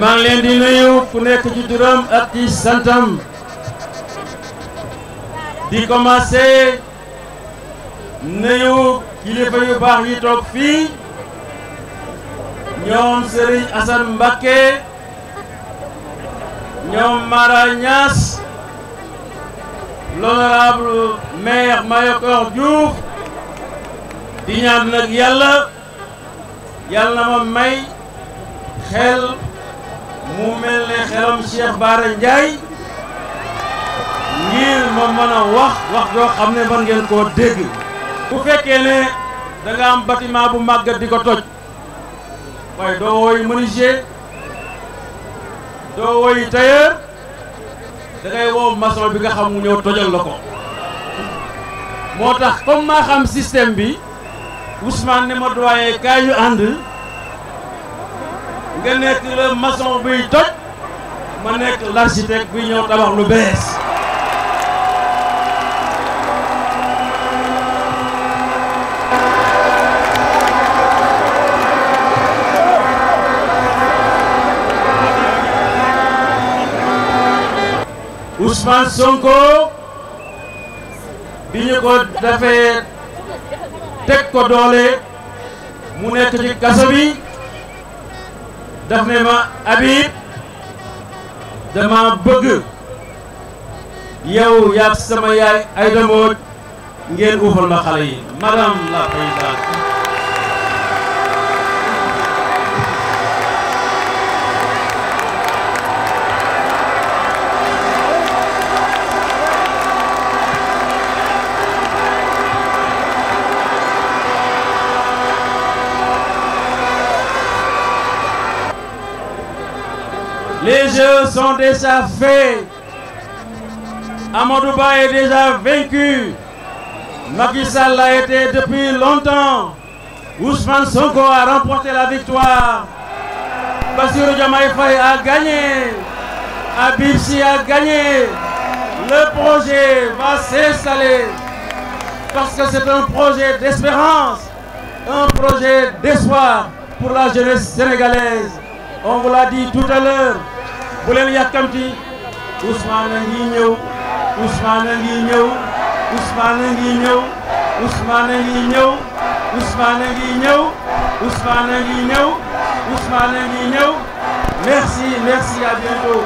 maa leen di nuyu ku nekk ci turam ak ci santam di commencé nuyu kilifa yu baax yi toog fii ñoom Serigne Assane Mbacké ñoom Mara Niass l'honorable maire Mayakor Diouf di ñaan nag yàlla yàlla na ma may xel mu mel ne xelam Cheikh Bara Ndiaye ngir ma mën a wax wax joo xam ne mën ngeen koo dégg bu fekkee ne danga am bâtiment bu màggat di ko toj waaye doo wooy menuisier doo wooy tailleur da ngay woo maçon bi nga xam mu ñëw tojal la ko moo tax comme maa xam système bi Ousmane ne ma doyee kaay ñu ànd nga nekk la maçon buy toj ma nekk l'architecte buy ñëw tabax lu bees Ousmane Sonko bi ñu ko defee teg ko doole mu nekk ci kaso bi daf ne ma Habib dama bëgg yow yaag sama yaay ay demooj ngeen uufal ma xale yi madame la présidente Les jeux sont déjà faits. Amadouba est déjà vaincu. Macky l'a été depuis longtemps. Ousmane Sonko a remporté la victoire. Basirou Diomaye a gagné. Abibsi a gagné. Le projet va s'installer parce que c'est un projet d'espérance, un projet d'espoir pour la jeunesse sénégalaise. On vous l'a dit tout à l'heure, bu leen yàkkamti Ousmane a ngi ñëw Ousmane a ngi ñëw Ousmane a ngi ñëw Ousmane a ngi ñëw Ousmane a ngi ñëw Ousmane a ngi ñëw Ousmane a ngi ñëw merci merci à bientôt